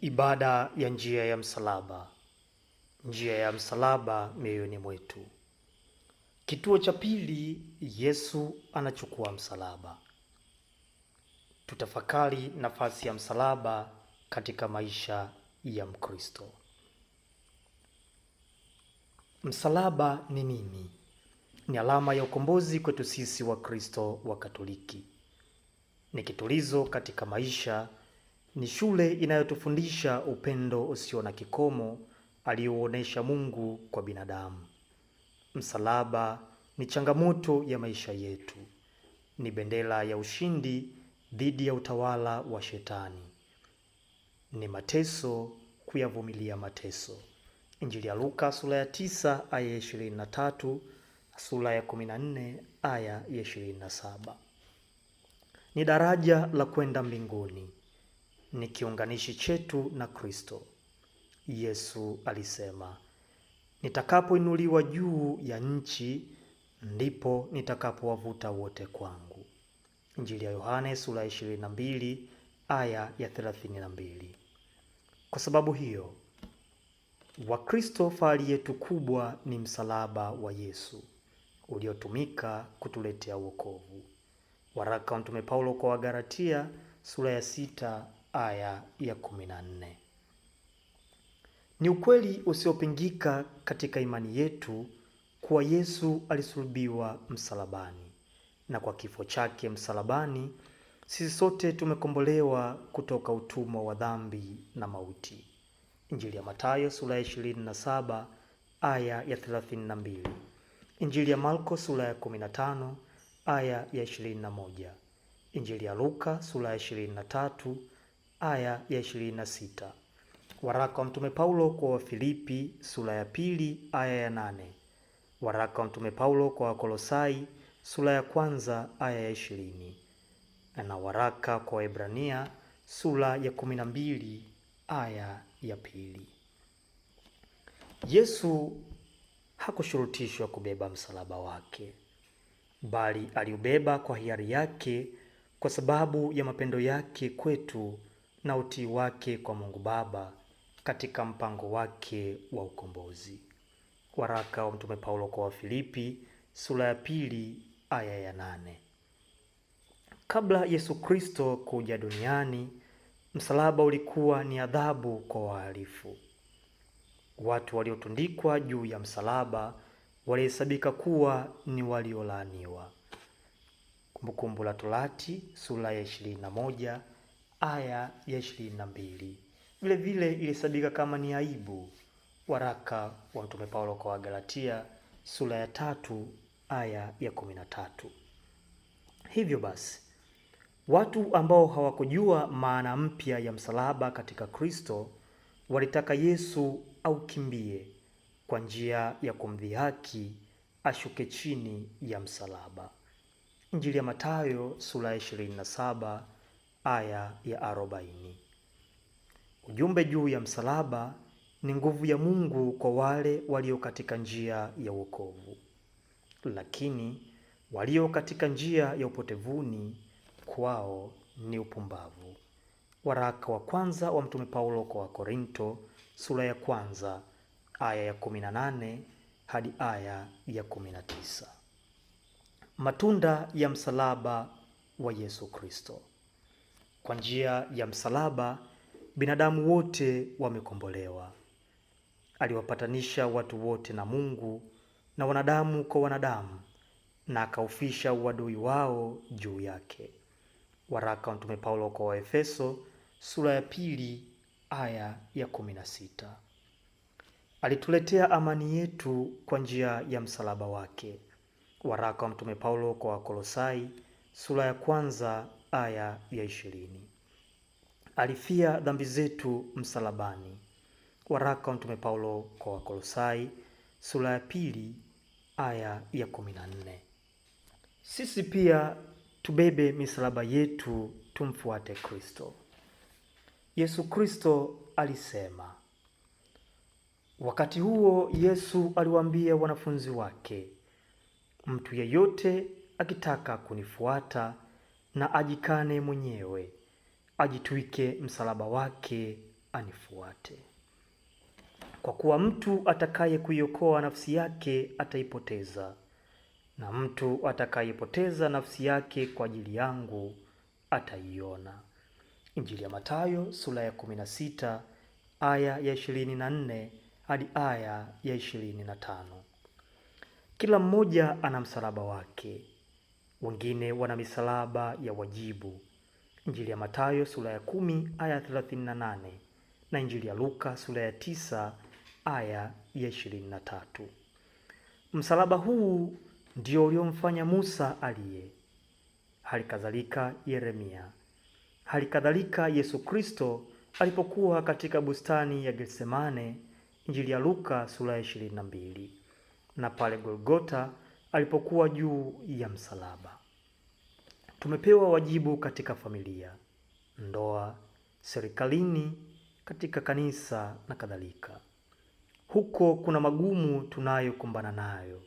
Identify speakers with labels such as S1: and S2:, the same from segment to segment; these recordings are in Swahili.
S1: Ibada ya njia ya msalaba, njia ya msalaba mioyoni mwetu. Kituo cha pili, Yesu anachukua msalaba. Tutafakari nafasi ya msalaba katika maisha ya Mkristo. Msalaba ni nini? Ni alama ya ukombozi kwetu sisi Wakristo wa Katoliki, ni kitulizo katika maisha ni shule inayotufundisha upendo usio na kikomo aliouonesha Mungu kwa binadamu. Msalaba ni changamoto ya maisha yetu, ni bendera ya ushindi dhidi ya utawala wa Shetani, ni mateso, kuyavumilia mateso. Injili ya Luka sura ya 9 aya ya 23, sura ya 14 aya ya 27. Ni daraja la kwenda mbinguni ni kiunganishi chetu na Kristo. Yesu alisema, nitakapoinuliwa juu ya nchi ndipo nitakapowavuta wote kwangu. Injili ya Yohane sura 22 aya ya 32. Kwa sababu hiyo, Wakristo, fahari yetu kubwa ni msalaba wa Yesu uliotumika kutuletea wokovu. Waraka wa Mtume Paulo kwa Wagalatia sura ya sita aya ya 14. Ni ukweli usiopingika katika imani yetu kuwa Yesu alisulubiwa msalabani na kwa kifo chake msalabani sisi sote tumekombolewa kutoka utumwa wa dhambi na mauti. Injili ya Mathayo sura ya 27 aya ya 32. Injili ya Marko sura ya 15 aya ya 21. Injili ya Luka sura ya 23 aya ya 26. Waraka wa Mtume Paulo kwa Wafilipi sura ya pili aya ya 8. Waraka wa Mtume Paulo kwa Wakolosai sura ya kwanza aya ya 20 na waraka kwa Waebrania sura ya 12 aya ya pili. Yesu hakushurutishwa kubeba msalaba wake, bali aliubeba kwa hiari yake, kwa sababu ya mapendo yake kwetu na utii wake kwa Mungu Baba katika mpango wake wa ukombozi. Waraka wa Mtume Paulo kwa Wafilipi sura ya pili aya ya nane. Kabla Yesu Kristo kuja duniani, msalaba ulikuwa ni adhabu kwa wahalifu. Watu waliotundikwa juu ya msalaba walihesabika kuwa ni waliolaaniwa. Kumbukumbu la Torati sura ya 21 aya ya ishirini na mbili. Vile vile ilisadika kama ni aibu waraka wa Mtume Paulo kwa Wagalatia sura ya tatu aya ya kumi na tatu. Hivyo basi watu ambao hawakujua maana mpya ya msalaba katika Kristo walitaka Yesu aukimbie kwa njia ya kumdhihaki ashuke chini ya msalaba. Injili ya Mathayo sura ya 27 aya ya arobaini. Ujumbe juu ya msalaba ni nguvu ya Mungu kwa wale walio katika njia ya wokovu, lakini walio katika njia ya upotevuni kwao ni upumbavu. Waraka wa kwanza wa Mtume Paulo kwa Wakorinto sura ya kwanza aya ya 18 hadi aya ya 19. Matunda ya msalaba wa Yesu Kristo. Kwa njia ya msalaba, binadamu wote wamekombolewa. Aliwapatanisha watu wote na Mungu na wanadamu kwa wanadamu na akaufisha uadui wao juu yake. Waraka wa Mtume Paulo kwa Waefeso sura ya pili aya ya kumi na sita. Alituletea amani yetu kwa njia ya msalaba wake. Waraka wa Mtume Paulo kwa Wakolosai sura ya kwanza aya ya ishirini. Alifia dhambi zetu msalabani. Waraka wa Mtume Paulo kwa Wakolosai sura ya pili aya ya kumi na nne. Sisi pia tubebe misalaba yetu tumfuate Kristo. Yesu Kristo alisema. Wakati huo Yesu aliwaambia wanafunzi wake, mtu yeyote akitaka kunifuata na ajikane mwenyewe, ajitwike msalaba wake anifuate. Kwa kuwa mtu atakaye kuiokoa nafsi yake ataipoteza, na mtu atakayepoteza nafsi yake kwa ajili yangu ataiona. Injili ya Mathayo sura ya 16 aya ya 24 hadi aya ya 25. Kila mmoja ana msalaba wake wengine wana misalaba ya wajibu. Injili ya Mathayo sura ya kumi aya 38 na Injili ya Luka sura ya tisa aya ya 23. Msalaba huu ndio uliomfanya Musa aliye, hali kadhalika Yeremia, hali kadhalika Yesu Kristo alipokuwa katika bustani ya Getsemane, Injili ya Luka sura ya 22, na pale Golgota alipokuwa juu ya msalaba. Tumepewa wajibu katika familia, ndoa, serikalini, katika kanisa na kadhalika. Huko kuna magumu tunayokumbana nayo,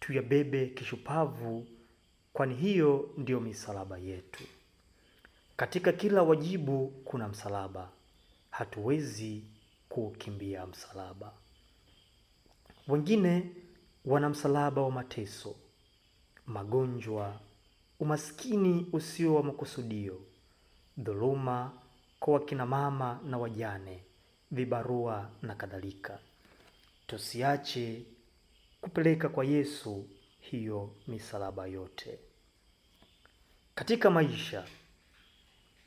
S1: tuyabebe kishupavu, kwani hiyo ndiyo misalaba yetu. Katika kila wajibu kuna msalaba, hatuwezi kukimbia msalaba. Wengine wana msalaba wa mateso, magonjwa, umaskini usio wa makusudio, dhuluma kwa wakina mama na wajane, vibarua na kadhalika. Tusiache kupeleka kwa Yesu hiyo misalaba yote katika maisha.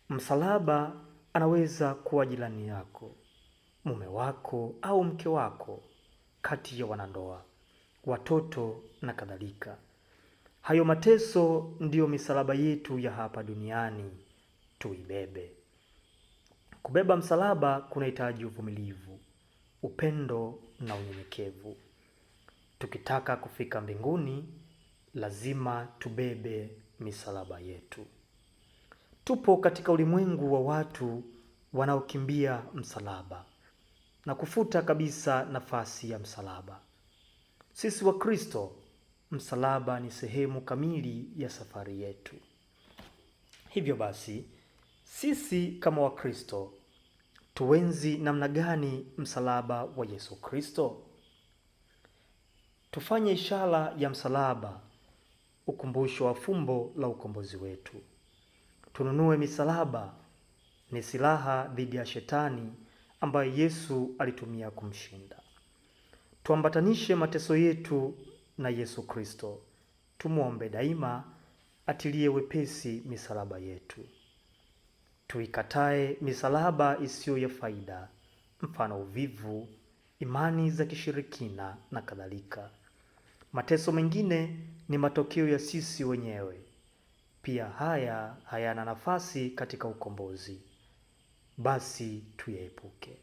S1: Msalaba anaweza kuwa jirani yako, mume wako au mke wako, kati ya wanandoa watoto na kadhalika. Hayo mateso ndiyo misalaba yetu ya hapa duniani, tuibebe. Kubeba msalaba kunahitaji uvumilivu, upendo na unyenyekevu. Tukitaka kufika mbinguni, lazima tubebe misalaba yetu. Tupo katika ulimwengu wa watu wanaokimbia msalaba na kufuta kabisa nafasi ya msalaba. Sisi Wakristo, msalaba ni sehemu kamili ya safari yetu. Hivyo basi, sisi kama Wakristo tuenzi namna gani msalaba wa Yesu Kristo? Tufanye ishara ya msalaba, ukumbusho wa fumbo la ukombozi wetu. Tununue misalaba, ni silaha dhidi ya shetani ambayo Yesu alitumia kumshinda tuambatanishe mateso yetu na Yesu Kristo. Tumwombe daima atilie wepesi misalaba yetu. Tuikatae misalaba isiyo ya faida, mfano uvivu, imani za kishirikina na kadhalika. Mateso mengine ni matokeo ya sisi wenyewe, pia haya hayana nafasi katika ukombozi. Basi tuyaepuke.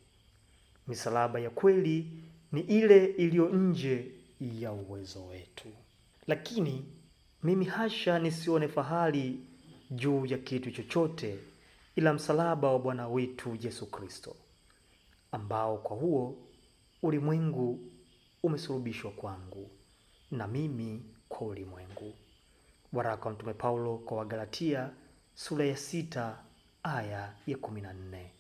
S1: Misalaba ya kweli ni ile iliyo nje ya uwezo wetu. Lakini mimi hasha nisione fahari juu ya kitu chochote ila msalaba wa Bwana wetu Yesu Kristo, ambao kwa huo ulimwengu umesulubishwa kwangu na mimi kwa ulimwengu. Waraka wa Mtume Paulo kwa Wagalatia sura ya sita aya ya kumi na nne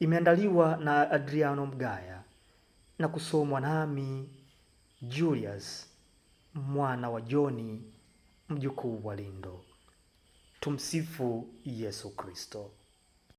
S1: imeandaliwa na Adriano Mgaya na kusomwa nami Julius mwana wa John mjukuu wa Lindo. Tumsifu Yesu Kristo.